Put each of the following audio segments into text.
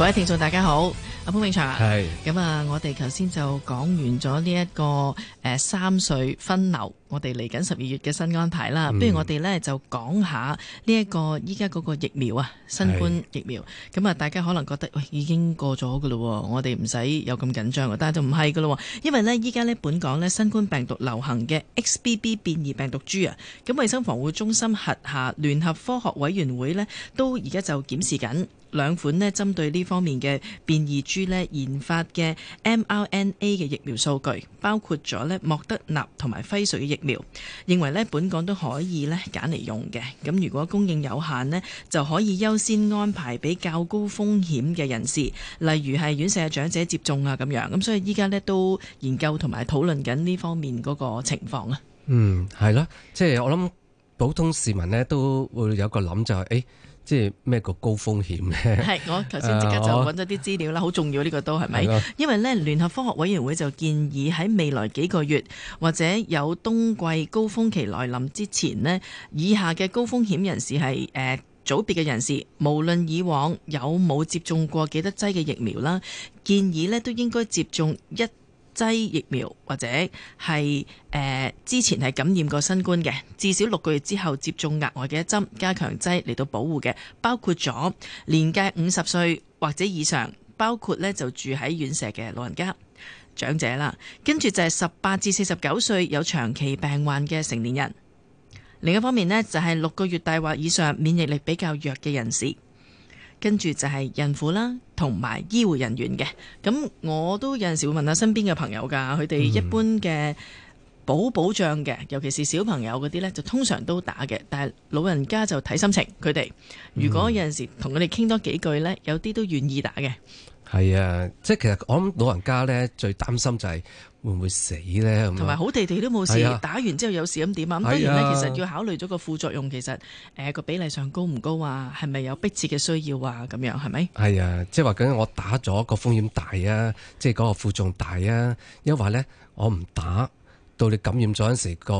各位聽眾，大家好，阿潘永祥，係咁啊！我哋頭先就講完咗呢一個誒、呃、三歲分流，我哋嚟緊十二月嘅新安排啦。嗯、不如我哋呢就講下呢、這、一個依家嗰個疫苗啊，新冠疫苗。咁啊是，大家可能覺得喂、哎、已經過咗喇咯，我哋唔使有咁緊張，但係就唔係嘅咯，因為呢依家呢本港呢新冠病毒流行嘅 XBB 變異病毒株啊，咁衞生防護中心轄下聯合科學委員會呢都而家就檢視緊，兩款咧針對呢方面嘅變異株咧研發嘅 mRNA 嘅疫苗數據，包括咗咧莫德納同埋輝瑞嘅疫苗，認為咧本港都可以咧揀嚟用嘅。咁如果供應有限咧，就可以優先安排比較高風險嘅人士，例如係院舍嘅長者接種啊咁樣。咁所以依家咧都研究同埋討論緊呢方面嗰個情況啊。嗯，係咯，即係我諗普通市民咧都會有個諗就係，誒、哎。即係咩個高風險呢？係 我頭先即刻就揾咗啲資料啦，好、呃、重要呢、呢個都係咪？的因為呢，聯合科學委員會就建議喺未來幾個月或者有冬季高峰期來臨之前呢，以下嘅高風險人士係誒組別嘅人士，無論以往有冇接種過幾多劑嘅疫苗啦，建議呢都應該接種一。劑疫苗或者係誒、呃、之前係感染過新冠嘅，至少六個月之後接種額外嘅一針加強劑嚟到保護嘅，包括咗年屆五十歲或者以上，包括呢就住喺院舍嘅老人家、長者啦，跟住就係十八至四十九歲有長期病患嘅成年人。另一方面呢，就係、是、六個月大或以上免疫力比較弱嘅人士。跟住就係孕婦啦，同埋醫護人員嘅。咁我都有陣時會問下身邊嘅朋友㗎，佢哋一般嘅保保障嘅，尤其是小朋友嗰啲呢，就通常都打嘅。但係老人家就睇心情，佢哋如果有陣時同佢哋傾多幾句呢，有啲都願意打嘅。係啊，即係其實我諗老人家咧最擔心就係會唔會死咧，同埋好地地都冇事，打完之後有事咁點啊？咁當然咧，其實要考慮咗個副作用，其實誒個比例上高唔高啊？係咪有迫切嘅需要啊？咁樣係咪？係啊，即係話咁樣，我打咗個風險大啊，即係嗰個副作用大啊，因為話咧我唔打，到你感染咗嗰陣時個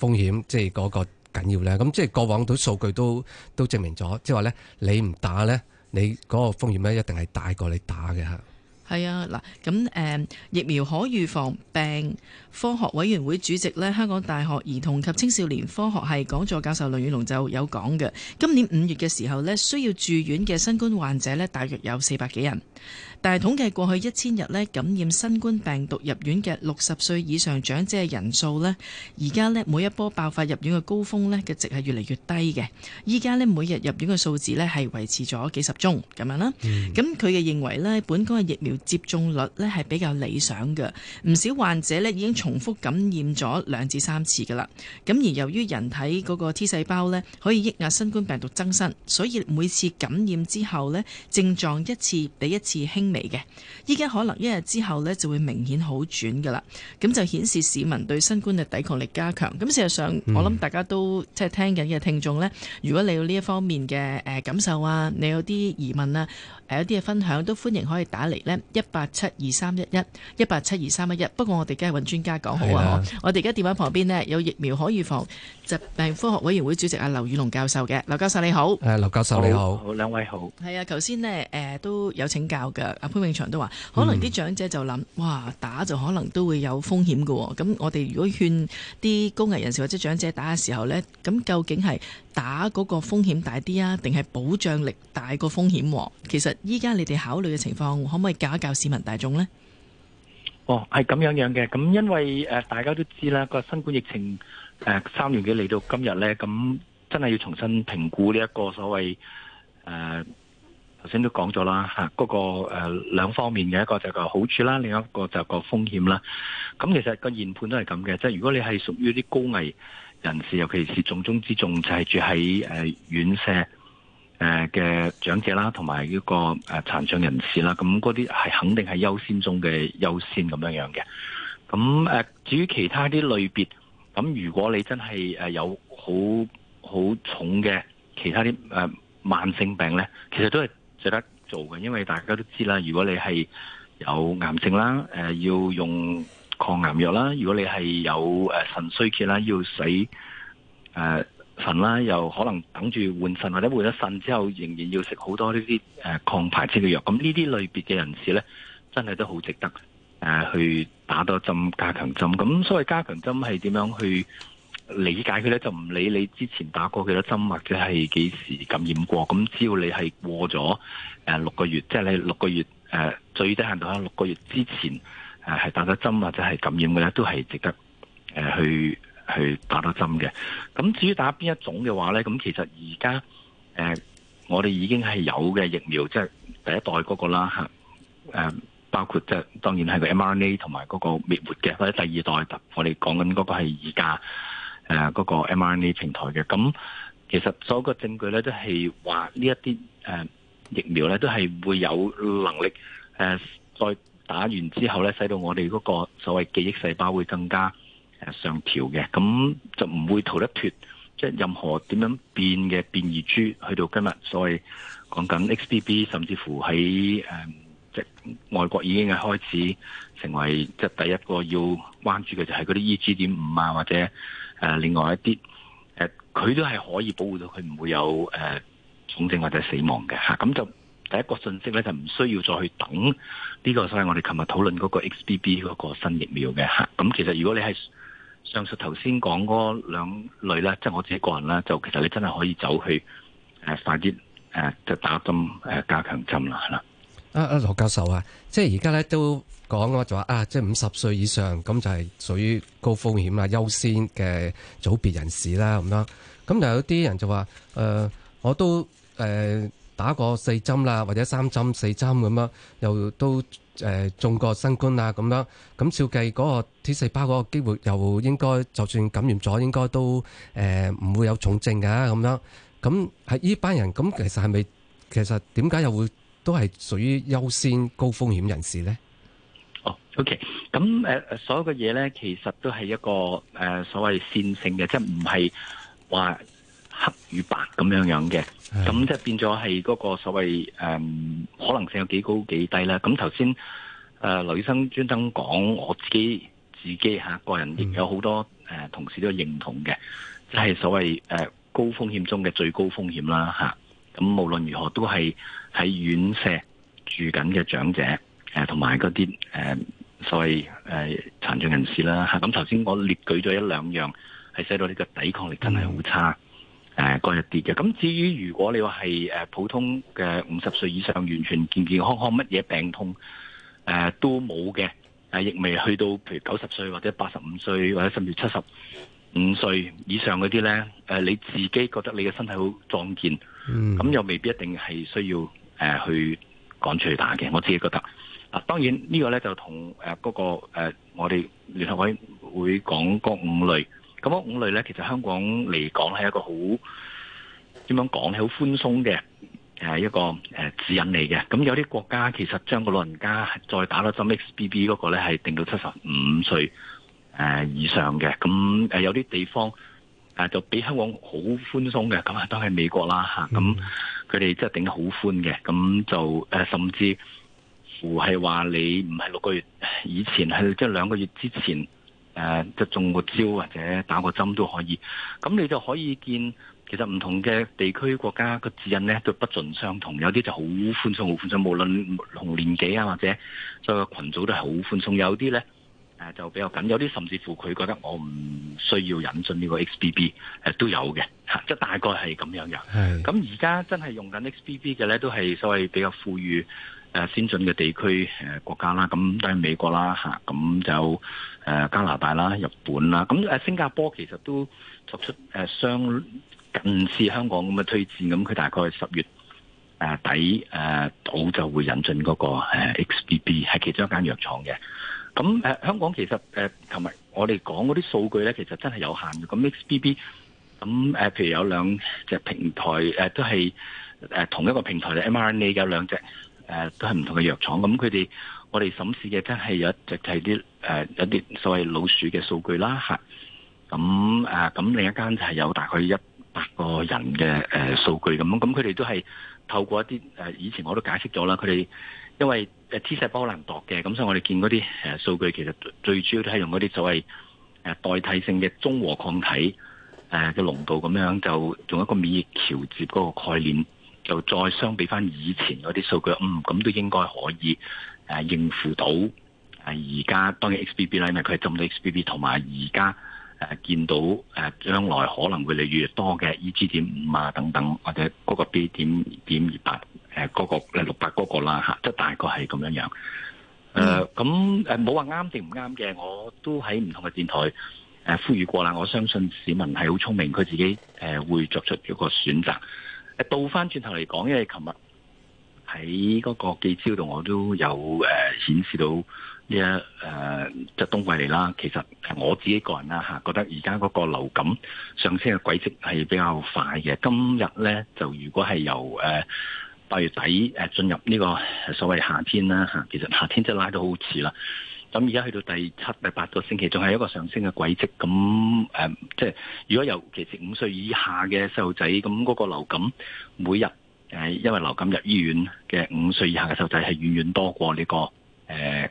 風險，即係嗰個緊要咧。咁即係過往嘅數據都都證明咗，即係話咧你唔打咧。你嗰個風險一定係大過你打嘅嚇。係啊，嗱咁誒，疫苗可預防病科學委員會主席呢，香港大學兒童及青少年科學系講座教授劉宇隆就有講嘅。今年五月嘅時候呢，需要住院嘅新冠患者呢，大約有四百幾人。但係統計過去一千日呢，感染新冠病毒入院嘅六十歲以上長者嘅人數呢，而家呢每一波爆發入院嘅高峰呢，嘅值係越嚟越低嘅。依家呢每日入院嘅數字呢，係維持咗幾十宗咁樣啦。咁佢哋認為呢，本港嘅疫苗接種率呢係比較理想嘅。唔少患者呢已經重複感染咗兩至三次㗎啦。咁而由於人體嗰個 T 細胞呢，可以抑壓新冠病毒增生，所以每次感染之後呢，症狀一次比一次輕。未嘅，依家可能一日之後呢就會明顯好轉噶啦，咁就顯示市民對新冠嘅抵抗力加強。咁事實上，我諗大家都即係聽緊嘅聽眾呢，如果你有呢一方面嘅誒感受啊，你有啲疑問啊。誒、啊、有啲嘅分享都歡迎可以打嚟呢一八七二三一一一八七二三一一。11, 11，不過我哋梗係揾專家講好是啊，我哋而家電話旁邊呢，有疫苗可預防疾病科學委員會主席阿劉宇隆教授嘅，劉教授你好。誒劉教授好你好，好，好兩位好。係啊，頭先呢誒、呃、都有請教嘅，阿潘永祥都話，可能啲長者就諗，哇打就可能都會有風險㗎喎、哦。咁我哋如果勸啲高危人士或者長者打嘅時候呢，咁究竟係？打嗰個風險大啲啊，定係保障力大過風險？其實依家你哋考慮嘅情況，可唔可以教一教市民大眾呢？哦，係咁樣樣嘅，咁因為誒大家都知啦，個新冠疫情誒三年幾嚟到今日呢，咁真係要重新評估呢一個所謂誒頭先都講咗啦嚇，嗰、呃嗰個誒、呃、兩方面嘅一個就係個好處啦，另一個就係個風險啦。咁其實個研判都係咁嘅，即係如果你係屬於啲高危人士，尤其是重中之重就係、是、住喺誒、呃、院舍誒嘅長者啦，同埋呢個誒殘障人士啦，咁嗰啲係肯定係優先中嘅優先咁樣樣嘅。咁誒、呃、至於其他啲類別，咁如果你真係誒有好好重嘅其他啲誒、呃、慢性病咧，其實都係值得做嘅，因為大家都知啦，如果你係有癌症啦，誒、呃、要用。抗癌藥啦，如果你係有誒腎衰竭啦，要洗誒腎啦，又可能等住換腎或者換咗腎之後，仍然要食好多呢啲誒抗排斥嘅藥。咁呢啲類別嘅人士咧，真係都好值得誒、呃、去打多針加強針。咁所謂加強針係點樣去理解佢咧？就唔理你之前打過幾多針或者係幾時感染過，咁只要你係過咗誒、呃、六個月，即係你六個月誒最低限度喺六個月之前。誒係打咗針或者係感染嘅咧，都係值得誒去去打咗針嘅。咁至於打邊一種嘅話咧，咁其實而家誒我哋已經係有嘅疫苗，即係第一代嗰個啦，嚇誒包括即係當然係個 mRNA 同埋嗰個滅活嘅，或者第二代，我哋講緊嗰個係而家誒嗰個 mRNA 平台嘅。咁其實所有嘅證據咧都係話呢一啲誒疫苗咧都係會有能力誒在。打完之後咧，使到我哋嗰個所謂記憶細胞會更加上調嘅，咁就唔會逃得脫，即係任何點樣變嘅變異株，去到今日所謂講緊 XBB，甚至乎喺、呃、即係外國已經係開始成為即係第一個要關注嘅就係嗰啲 EG.5 啊，或者、呃、另外一啲、呃、佢都係可以保護到佢唔會有誒重症或者死亡嘅嚇，咁就。第一個信息，咧就唔需要再去等呢個，就係我哋琴日討論嗰個 XBB 嗰個新疫苗嘅吓。咁其實如果你係上述頭先講嗰兩類咧，即係我自己個人咧，就其實你真係可以走去誒快啲誒就打針誒加強針啦。吓啦，阿阿劉教授啊，即係而家咧都講啊，就話啊，即係五十歲以上咁就係屬於高風險啦、優先嘅組別人士啦，咁樣。咁就有啲人就話誒，我都誒。打過四針啦，或者三針、四針咁樣，又都誒中過新冠啊，咁樣咁照計嗰個 T 細胞嗰個機會又應該，就算感染咗，應該都誒唔會有重症㗎咁樣。咁係呢班人，咁其實係咪其實點解又會都係屬於優先高風險人士咧？哦，OK，咁誒所有嘅嘢咧，其實都係一個誒所謂線性嘅，即係唔係話。黑與白咁樣樣嘅，咁即係變咗係嗰個所謂誒、嗯、可能性有幾高幾低啦。咁頭先誒劉醫生專登講，我自己自己吓、啊、個人亦有好多誒、呃、同事都認同嘅，即、就、係、是、所謂誒、呃、高風險中嘅最高風險啦吓。咁、啊、無論如何都係喺院舍住緊嘅長者誒，同埋嗰啲誒所謂誒、呃、殘障人士啦吓。咁頭先我列舉咗一兩樣，係使到呢個抵抗力真係好差。嗯誒，嗰一啲嘅，咁至於如果你話係誒普通嘅五十歲以上，完全健健康康，乜嘢病痛誒、啊、都冇嘅，誒亦未去到譬如九十歲或者八十五歲或者甚至七十五歲以上嗰啲咧，誒、啊、你自己覺得你嘅身體好壯健，咁、嗯、又未必一定係需要誒、啊、去趕出去打嘅，我自己覺得。嗱、啊，當然呢個咧就同誒嗰個誒我哋聯合委會講嗰五類。咁五類咧，其實香港嚟講係一個好，點樣講咧，好寬鬆嘅一個指引嚟嘅。咁有啲國家其實將個老人家再打多針 XBB 嗰個咧，係定到七十五歲以上嘅。咁有啲地方就比香港好寬鬆嘅。咁啊，都係美國啦吓。咁佢哋即係定得好寬嘅。咁就甚至乎係話你唔係六個月以前，係即係兩個月之前。即、呃、就中個招或者打個針都可以，咁你就可以見其實唔同嘅地區國家個指引咧都不盡相同，有啲就好寬鬆、好寬鬆，無論同年紀啊或者所有群組都係好寬鬆，有啲咧、呃、就比較緊，有啲甚至乎佢覺得我唔需要引進呢個 XBB、呃、都有嘅，即大概係咁樣樣。咁而家真係用緊 XBB 嘅咧，都係所謂比較富裕、先進嘅地區誒國家啦，咁例如美國啦嚇，咁就誒加拿大啦、日本啦，咁誒新加坡其實都作出誒相近似香港咁嘅推薦，咁佢大概十月誒底誒早就會引進嗰個 XBB，係其中一間藥廠嘅。咁誒香港其實誒，琴日我哋講嗰啲數據咧，其實真係有限嘅。咁 XBB，咁誒譬如有兩隻平台誒，都係誒同一個平台嘅 mRNA 有兩隻。誒都係唔同嘅藥廠，咁佢哋我哋審視嘅真係有一就係啲誒有啲所謂老鼠嘅數據啦，嚇。咁誒咁另一間就係有大概一百個人嘅誒、呃、數據咁，咁佢哋都係透過一啲以前我都解釋咗啦，佢哋因為 T 細胞難度嘅，咁所以我哋見嗰啲誒數據其實最主要都係用嗰啲所謂代替性嘅中和抗體嘅濃度咁樣，就用一個免疫橋接嗰個概念。就再相比翻以前嗰啲數據，嗯，咁都應該可以誒、啊、應付到。誒而家當然 XBB 因為佢係針對 XBB，同埋而家誒見到誒將來可能會越嚟越多嘅 E.G. 點五啊等等，或者嗰個 B. 點點二八誒嗰個誒六八嗰個啦嚇，即係大概係咁樣樣。誒咁誒冇話啱定唔啱嘅，我都喺唔同嘅電台誒呼籲過啦。我相信市民係好聰明，佢自己誒、啊、會作出一個選擇。倒翻轉頭嚟講，因為琴日喺嗰個記招度，我都有誒顯示到呢一誒，即、呃就係、冬季嚟啦。其實我自己個人啦嚇，覺得而家嗰個流感上升嘅軌跡係比較快嘅。今日咧就如果係由誒八月底誒進入呢個所謂夏天啦嚇，其實夏天真係拉到好遲啦。咁而家去到第七、第八個星期，仲係一個上升嘅軌跡。咁誒、呃，即係如果尤其是五歲以下嘅細路仔，咁嗰個流感每日、呃、因為流感入醫院嘅五歲以下嘅細路仔係遠遠多過呢、這個誒、呃、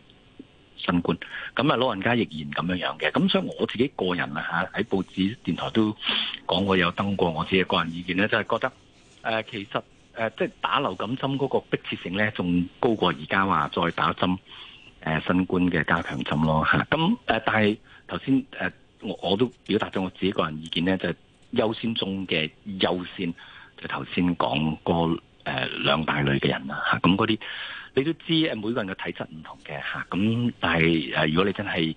新冠。咁啊老人家亦然咁樣樣嘅。咁所以我自己個人啊嚇喺報紙、電台都講過有登過，我自己個個人意見咧，就係、是、覺得誒、呃、其實誒、呃、即係打流感針嗰個迫切性咧，仲高過而家話再打針。誒，新冠嘅加強針咯嚇，咁誒，但係頭先誒，我我都表達咗我自己個人意見咧，就係、是、優先中嘅優先，就頭先講過誒兩大類嘅人啦嚇，咁嗰啲你都知誒，每個人嘅體質唔同嘅嚇，咁但係誒，如果你真係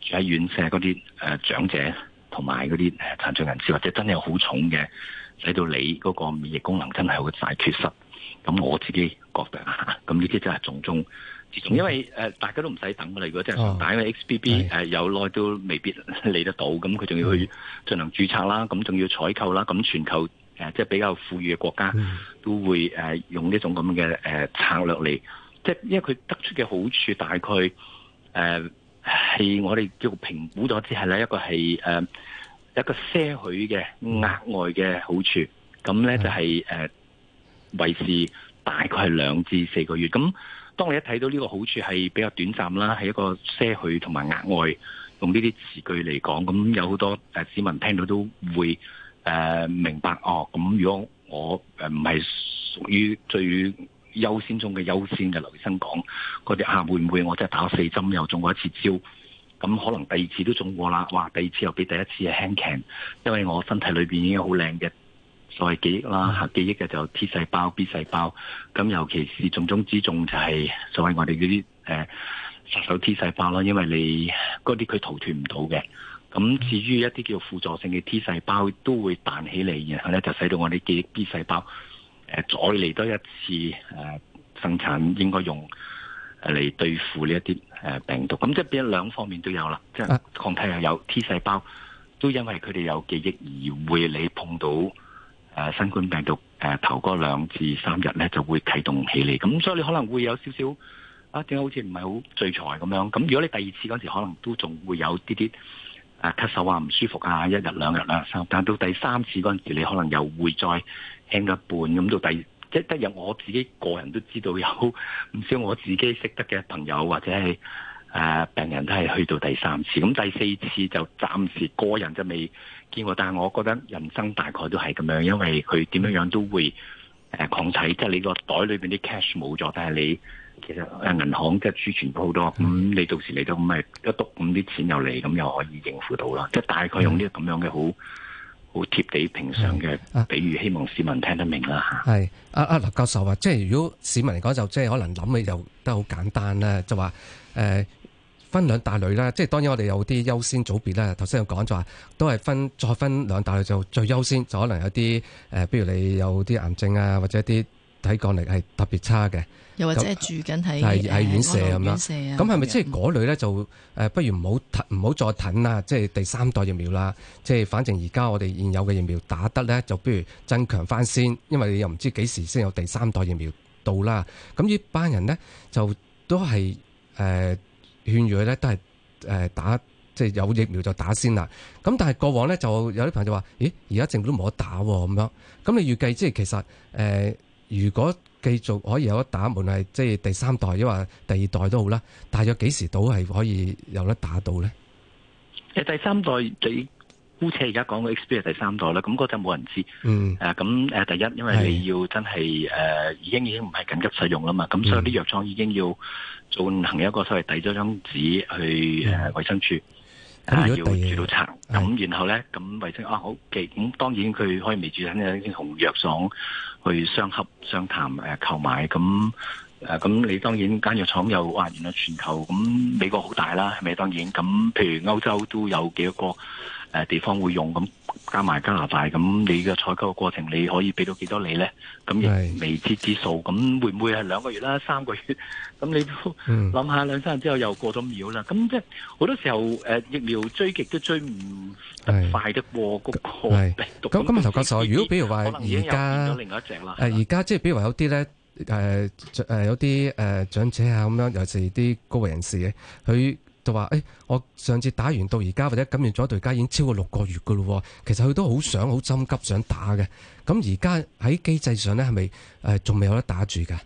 住喺院舍嗰啲誒長者，同埋嗰啲誒殘障人士，或者真係好重嘅，使到你嗰個免疫功能真係有個大缺失，咁我自己覺得嚇，咁呢啲真係重中。自因為誒、呃、大家都唔使等㗎啦，如果即係但因為 XBB 誒有耐都未必嚟得到，咁佢仲要去進行註冊啦，咁仲、嗯、要採購啦，咁全球誒即係比較富裕嘅國家、嗯、都會誒、呃、用呢種咁嘅誒策略嚟，即係因為佢得出嘅好處大概誒係、呃、我哋叫評估咗之後咧，一個係誒、呃、一個些許嘅額外嘅好處，咁咧、嗯、的就係、是、誒、呃、維持大概係兩至四個月咁。當你一睇到呢個好處係比較短暫啦，係一個些許同埋額外用呢啲詞句嚟講，咁有好多誒市民聽到都會誒、呃、明白哦。咁如果我唔係屬於最優先中嘅優先嘅劉醫生講，嗰啲啊會唔會我真係打咗四針又中過一次招？咁可能第二次都中過啦，哇！第二次又比第一次係輕，因為我身體裏面已經好靚嘅。所謂記憶啦，吓記憶嘅就 T 細胞、B 細胞，咁尤其是重中之重就係所謂我哋嗰啲誒殺手 T 細胞啦，因為你嗰啲佢逃脫唔到嘅。咁至於一啲叫輔助性嘅 T 細胞都會彈起嚟，然後咧就使到我哋記憶 B 細胞誒再嚟多一次誒、呃、生產，應該用嚟對付呢一啲誒病毒。咁即係變咗兩方面都有啦，即係抗體又有 T 細胞，都因為佢哋有記憶而會你碰到。誒、啊、新冠病毒誒、啊、頭嗰兩至三日咧就會啟動起嚟，咁所以你可能會有少少啊，點解好似唔係好聚財咁樣？咁如果你第二次嗰陣時，可能都仲會有啲啲誒咳嗽啊、唔、啊、舒服啊，一日兩日兩日三日，但到第三次嗰陣時，你可能又會再輕咗一半。咁到第即係有我自己個人都知道有唔少我自己識得嘅朋友或者係、啊、病人都係去到第三次，咁第四次就暫時個人就未見過，但係我覺得人生大概都係咁樣，因為佢點樣樣都會誒抗體，即、就、係、是、你個袋裏邊啲 cash 冇咗，但係你其實誒銀行即係儲存咗好多，咁、嗯、你到時嚟到咁咪一篤，咁啲錢又嚟，咁又可以應付到啦。即係大概用呢個咁樣嘅好好貼地平常嘅比喻，嗯、希望市民聽得明啦。係啊是啊，劉教授話、啊，即係如果市民嚟講，就即係可能諗起就都好簡單啦，就話、是、誒。呃分兩大類啦，即係當然我哋有啲優先組別啦。頭先有講就話都係分再分兩大類，就最優先就可能有啲誒，呃、比如你有啲癌症啊，或者啲體抗力係特別差嘅，又或者係住緊喺喺院舍咁樣、呃。咁係咪即係嗰類咧就誒、呃？不如唔好唔好再等啦，即係第三代疫苗啦。即係反正而家我哋現有嘅疫苗打得咧，就不如增強翻先，因為你又唔知幾時先有第三代疫苗到啦。咁呢班人咧就都係誒。呃勸喻佢咧都係誒打，即係有疫苗就打先啦。咁但係過往呢就有啲朋友就話，咦，而家政府都冇得打喎，咁樣。咁你預計即係其實誒、呃，如果繼續可以有得打，無論係即係第三代抑或第二代都好啦，大約幾時到係可以有得打到呢？誒，第三代最姑且而家講嘅 XBB 第三代啦，咁嗰陣冇人知。誒咁、嗯啊、第一因為你要真係誒是、呃、已經已經唔係緊急使用啦嘛，咁、嗯、所以啲藥廠已經要進行一個所謂遞咗張紙去誒衛生處，要註到冊。咁然後咧，咁衛生啊好，咁、okay，嗯、當然佢可以未註冊，已經同藥廠去相洽、商談、啊、購買。咁誒咁你當然間藥廠又啊，原來全球咁美國好大啦，係咪？當然咁，譬如歐洲都有幾多個。誒地方會用咁，加埋加拿大咁，你嘅採購嘅過程，你可以俾到幾多你咧？咁亦未知之數。咁會唔會係兩個月啦、三個月？咁你都諗下兩三日之後又過咗秒啦。咁即係好多時候誒，疫苗追極都追唔快得過嗰個病毒。咁咁，劉教授，如果譬如話而家誒，而家即係譬如話有啲咧誒誒，有啲誒長者啊咁樣，尤其是啲高危人士嘅佢。就話誒，我上次打完到而家或者感染咗一對家已經超過六個月嘅咯，其實佢都好想好心急，急想打嘅。咁而家喺機制上咧，係咪誒仲未有得打住嘅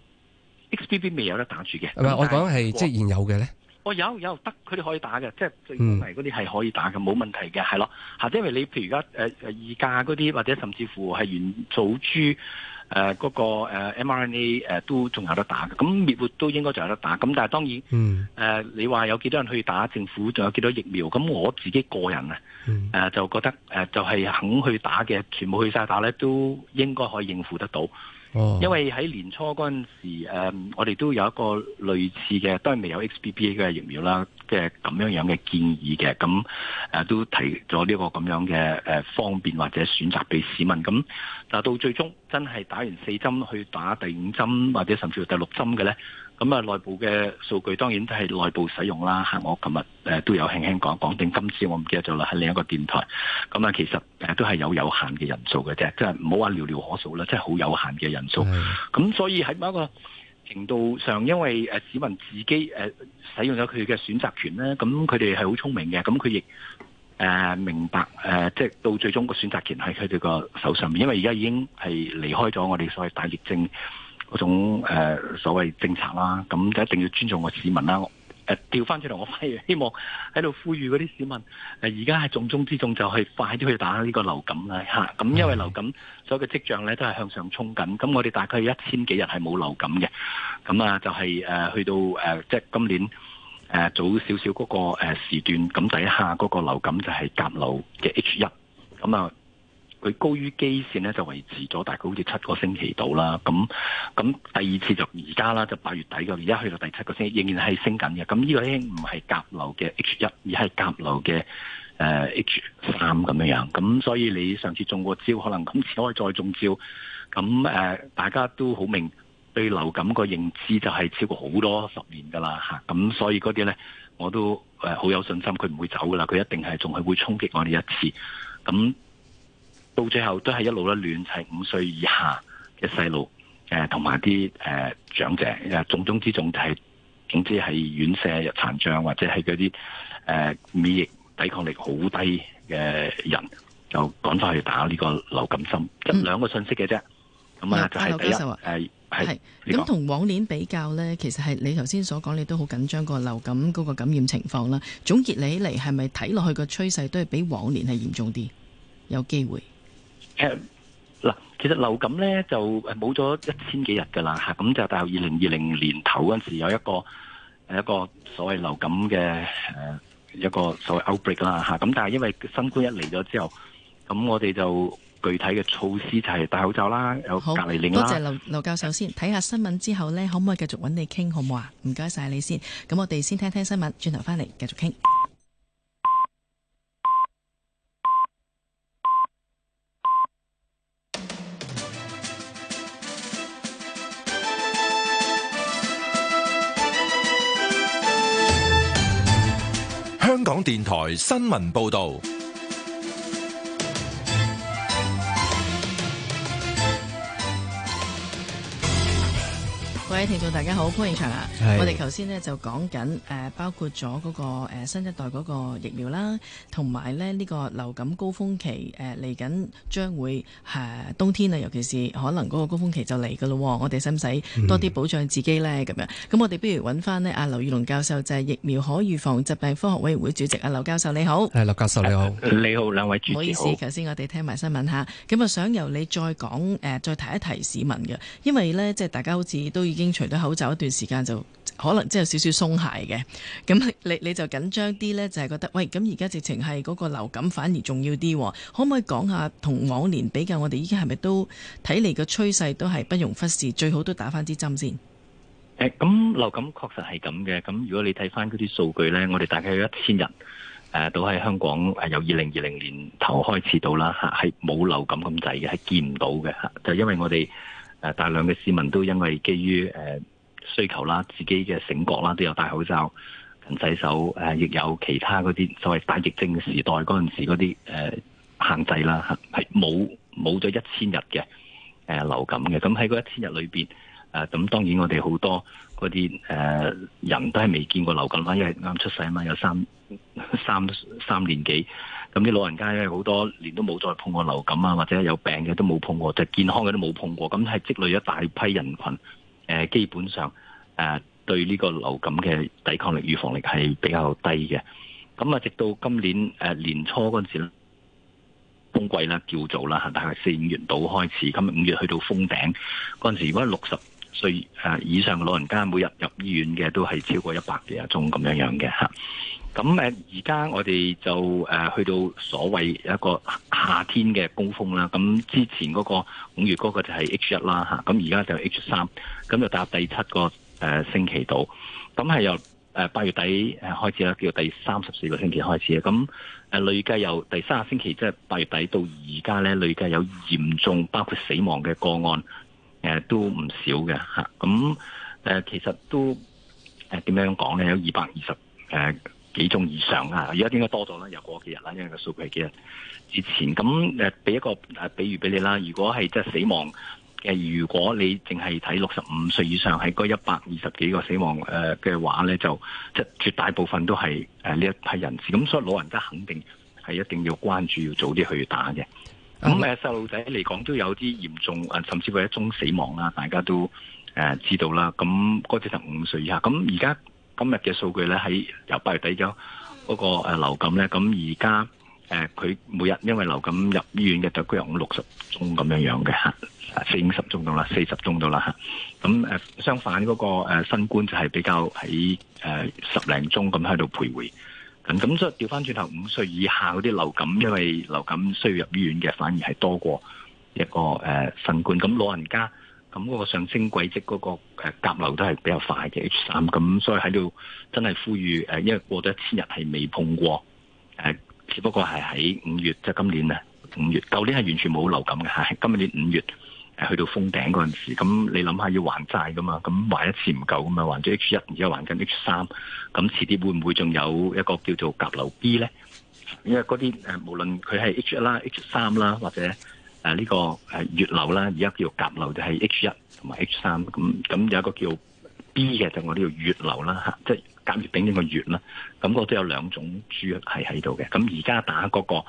？XBB 未有得打住嘅。唔係，我講係、哦、即係現有嘅咧。我、哦、有有得佢哋可以打嘅，即係唔係嗰啲係可以打嘅，冇問題嘅，係咯。嚇，即係因為你譬如而家誒誒二價嗰啲，或者甚至乎係原祖株。誒嗰、呃那個、呃、mRNA 誒、呃、都仲有得打嘅，咁滅活都應該仲有得打。咁但係當然，誒、嗯呃、你話有幾多人去打，政府仲有幾多疫苗？咁我自己個人啊、呃嗯呃，就覺得誒、呃、就係、是、肯去打嘅，全部去晒打咧，都應該可以應付得到。因為喺年初嗰陣時，誒，我哋都有一個類似嘅，都係未有 XBB 嘅疫苗啦，即係嘅咁樣樣嘅建議嘅，咁誒都提咗呢個咁樣嘅誒方便或者選擇俾市民。咁但係到最終真係打完四針去打第五針，或者甚至乎第六針嘅咧？咁啊，嗯，內部嘅數據當然都係內部使用啦。嚇，我琴日都有輕輕講講定今次我唔記得咗啦，喺另一個電台。咁，嗯，啊，其實，呃，都係有有限嘅人數嘅啫，即係唔好話寥寥可數啦，即係好有限嘅人數。咁的，嗯，所以喺某一個程度上，因為誒，呃，市民自己，呃，使用咗佢嘅選擇權咧，咁佢哋係好聰明嘅，咁佢亦誒明白誒，呃，即係到最終個選擇權喺佢哋個手上面，因為而家已經係離開咗我哋所謂大疫症。嗰種、呃、所謂政策啦，咁就一定要尊重個市民啦。誒調翻出嚟，我反而希望喺度呼籲嗰啲市民，而家係重中之重就係快啲去打呢個流感啦嚇。咁因為流感所有嘅跡象咧都係向上衝緊，咁我哋大概一千幾日係冇流感嘅，咁啊就係、是、誒、呃、去到誒、呃、即係今年誒、呃、早少少嗰個、呃、時段，咁第一下嗰個流感就係甲流嘅 H 一，咁啊。佢高於基線咧就維持咗，大概好似七個星期到啦，咁咁第二次就而家啦，就八月底㗎，而家去到第七個星期，仍然係升緊嘅。咁呢個已經唔係甲流嘅 H 一，而係甲流嘅 H 三咁樣。咁所以你上次中過招，可能今次可以再中招。咁、呃、大家都好明對流感個認知就係超過好多十年㗎啦嚇。咁所以嗰啲咧我都、呃、好有信心，佢唔會走㗎啦，佢一定係仲係會衝擊我哋一次咁。到最後都係一路咧亂晒，五歲以下嘅細路，誒、呃，同埋啲誒長者，誒，重中之重就係，總之係院舍殘障或者係嗰啲誒免疫抵抗力好低嘅人，就趕快去打呢個流感針。咁兩、嗯、個信息嘅啫，咁、嗯、啊的就係第一。誒係係咁同往年比較咧，其實係你頭先所講，你都好緊張個流感嗰個感染情況啦。總結起嚟，係咪睇落去個趨勢都係比往年係嚴重啲？有機會。誒，嗱，uh, 其實流感咧就誒冇咗一千幾日噶啦吓，咁、啊、就大約二零二零年頭嗰陣時候有一個誒、啊、一個所謂流感嘅誒、啊、一個所謂 outbreak 啦吓，咁、啊、但係因為新冠一嚟咗之後，咁我哋就具體嘅措施就係戴口罩啦，有隔離令，另外，多謝劉劉教授先，睇下新聞之後咧，可唔可以繼續揾你傾好唔好啊？唔該晒你先，咁我哋先聽聽新聞，轉頭翻嚟繼續傾。香港電台新聞報道。各位聽眾大家好，潘永祥啊，是我哋頭先呢就講緊誒、呃，包括咗嗰、那個誒、呃、新一代嗰個疫苗啦，同埋咧呢、這個流感高峰期誒嚟緊，將會誒、呃、冬天啊，尤其是可能嗰個高峰期就嚟噶咯，我哋使唔使多啲保障自己呢？咁、嗯、樣，咁我哋不如搵翻呢。阿劉宇隆教授，就係、是、疫苗可預防疾病科學委員會主席阿劉教授，你好。誒，劉教授你好、呃。你好，兩位主持。唔好意思，頭先好我哋聽埋新聞吓，咁啊想由你再講誒、呃，再提一提市民嘅，因為呢，即係大家好似都已經。除咗口罩一段時間就可能即係有少少鬆懈嘅，咁你你就緊張啲呢，就係覺得喂，咁而家直情係嗰個流感反而重要啲，可唔可以講下同往年比較，我哋依家係咪都睇嚟個趨勢都係不容忽視，最好都打翻支針先？誒，咁流感確實係咁嘅，咁如果你睇翻嗰啲數據呢，我哋大概有一千人誒，都喺香港誒，由二零二零年頭開始到啦吓，係冇流感咁滯嘅，係見唔到嘅吓，就因為我哋。誒大量嘅市民都因為基於誒需求啦，自己嘅醒覺啦，都有戴口罩、勤洗手，誒、啊、亦有其他嗰啲所謂大疫症時代嗰陣時嗰啲誒限制啦，係冇冇咗一千日嘅誒、啊、流感嘅，咁喺嗰一千日裏邊，誒、啊、咁當然我哋好多嗰啲誒人都係未見過流感啦，因為啱出世啊嘛，有三三三年幾。咁啲老人家咧，好多年都冇再碰過流感啊，或者有病嘅都冇碰過，就健康嘅都冇碰過，咁係積累咗大批人群，誒，基本上誒，對呢個流感嘅抵抗力、預防力係比較低嘅。咁啊，直到今年誒年初嗰陣時，旺季啦，叫做啦，大概四五月度開始，咁五月去到封頂嗰陣時，如果六十歲誒以上嘅老人家，每日入醫院嘅都係超過一百幾啊宗咁樣樣嘅吓。咁誒，而家我哋就誒去到所謂一個夏天嘅高峰啦。咁之前嗰個五月嗰個就係 H 一啦嚇，咁而家就 H 三，咁就踏第七個誒星期度。咁係由誒八月底誒開始啦，叫做第三十四個星期開始。咁誒累計由第三個星期，即係八月底到而家咧累計有嚴重包括死亡嘅個案誒都唔少嘅嚇。咁其實都誒點樣講咧？有二百二十誒幾宗以上啦，而家應該多咗啦，又過幾日啦，因為個數據係幾日之前。咁誒，俾一個誒，比喻俾你啦。如果係即係死亡嘅，如果你淨係睇六十五歲以上，係嗰一百二十幾個死亡誒嘅話咧，就即係絕大部分都係誒呢一批人士。咁所以老人家肯定係一定要關注，要早啲去打嘅。咁誒、mm，細路仔嚟講都有啲嚴重，誒，甚至或一宗死亡啦，大家都誒知道啦。咁嗰啲十五歲以下，咁而家。今日嘅數據咧，喺由八月底咗嗰個流感咧，咁而家誒佢每日因為流感入醫院嘅特區有五六十宗咁樣樣嘅，四五十鐘宗到啦，四十宗到啦。咁相反嗰、嗰個新冠就係比較喺誒、呃、十零宗咁喺度徘徊。咁咁所以調翻轉頭，五歲以下嗰啲流感，因為流感需要入醫院嘅反而係多過一個新、呃、冠。咁老人家。咁嗰個上升軌跡嗰個誒夾流都係比較快嘅 H 三，咁所以喺度真係呼籲因為過咗一千日係未碰過誒，只不過係喺五月即係、就是、今年啊五月，舊年係完全冇流咁嘅嚇，今年五月去到封頂嗰陣時，咁你諗下要還債噶嘛，咁還一次唔夠咁嘛？還咗 H 一，而家還緊 H 三，咁遲啲會唔會仲有一個叫做夾流 B 咧？因為嗰啲誒無論佢係 H 一啦、H 三啦或者。誒呢、啊這個誒乙流啦，而家叫甲流，就係、是、H 一同埋 H 三咁，咁有一個叫 B 嘅就我呢個乙流啦，即係甲乙丙呢個乙啦。咁、啊、我都有兩種株係喺度嘅，咁而家打嗰、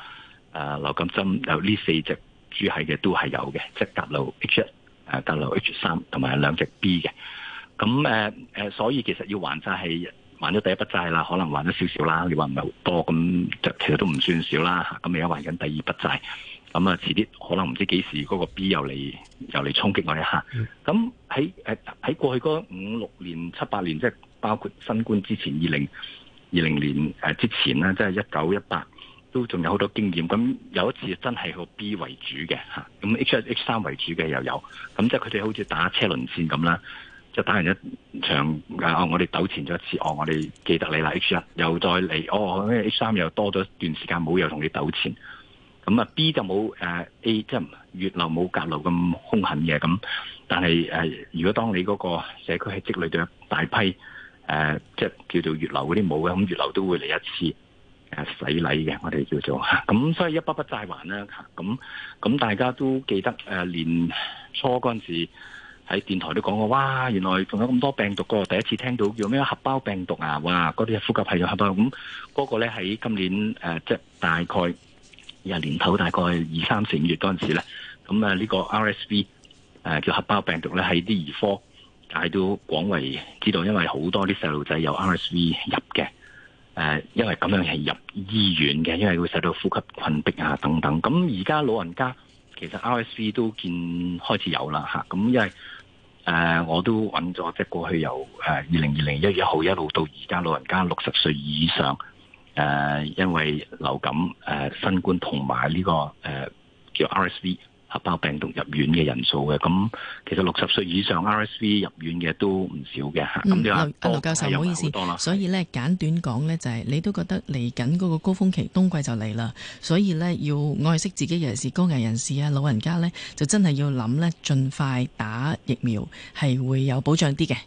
那個流感針有呢四隻株係嘅都係有嘅，即係甲流 H 一、誒甲流 H 三同埋兩隻 B 嘅。咁誒、啊、所以其實要還債係還咗第一筆債啦，可能還咗少少啦，你話唔係好多咁，就其實都唔算少啦嚇。咁而家還緊第二筆債。咁啊，遲啲可能唔知幾時嗰個 B 又嚟又嚟衝擊我一下。咁喺誒喺過去嗰五六年、七八年，即係包括新冠之前二零二零年之前咧，即係一九一八都仲有好多經驗。咁有一次真係個 B 為主嘅嚇，咁 H 一 H 三為主嘅又有。咁即係佢哋好似打車輪戰咁啦，即係打完一場，啊、哦、我哋糾纏咗一次，哦我哋記得你啦，H 一又再嚟，哦 H 三又多咗一段時間冇有同你糾纏。咁啊 B 就冇 A 即係月流冇甲流咁凶狠嘅，咁，但係誒如果當你嗰個社區係積累咗一大批即、呃係、叫做月流嗰啲冇嘅，咁月流都會嚟一次洗禮嘅，我哋叫做咁，所以一筆筆債還啦，咁咁大家都記得誒、呃、年初嗰陣時喺電台都講過，哇原來仲有咁多病毒個，第一次聽到叫咩核包病毒啊？哇嗰啲呼吸系有核包咁，嗰個咧喺今年即、呃係、大概。廿年頭大概二三四五月嗰陣時咧，咁啊呢個 RSV 誒、呃、叫合胞病毒咧喺啲兒科但係都廣為知道，因為好多啲細路仔有 RSV 入嘅，誒、呃、因為咁樣係入醫院嘅，因為會使到呼吸困迫啊等等。咁而家老人家其實 RSV 都見開始有啦嚇，咁、啊、因為誒、呃、我都揾咗即係過去由誒二零二零一月一號一路到而家老人家六十歲以上。誒、呃，因為流感，誒、呃、新冠同埋呢個誒、呃、叫 R S V 合胞病毒入院嘅人數嘅，咁其實六十歲以上 R S V 入院嘅都唔少嘅。咁阿、嗯、劉教授，唔唉、嗯、好意思，所以呢，簡短講呢，就係、是，你都覺得嚟緊嗰個高峰期，冬季就嚟啦，所以呢，要愛惜自己人士、高危人士啊、老人家呢，就真係要諗呢：盡快打疫苗係會有保障啲嘅。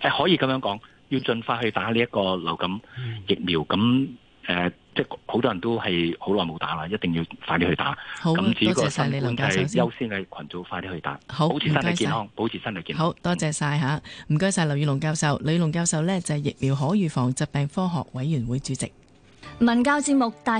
係可以咁樣講。要盡快去打呢一個流感疫苗，咁誒、呃，即係好多人都係好耐冇打啦，一定要快啲去打。好的，多謝曬劉宇隆教授先。優先嘅群組快啲去打，好，保持身體健康，謝謝保持身體健康。好多謝晒，嚇、啊，唔該晒劉宇隆教授，劉宇隆教授呢，就係、是、疫苗可預防疾病科學委員會主席。文教節目大。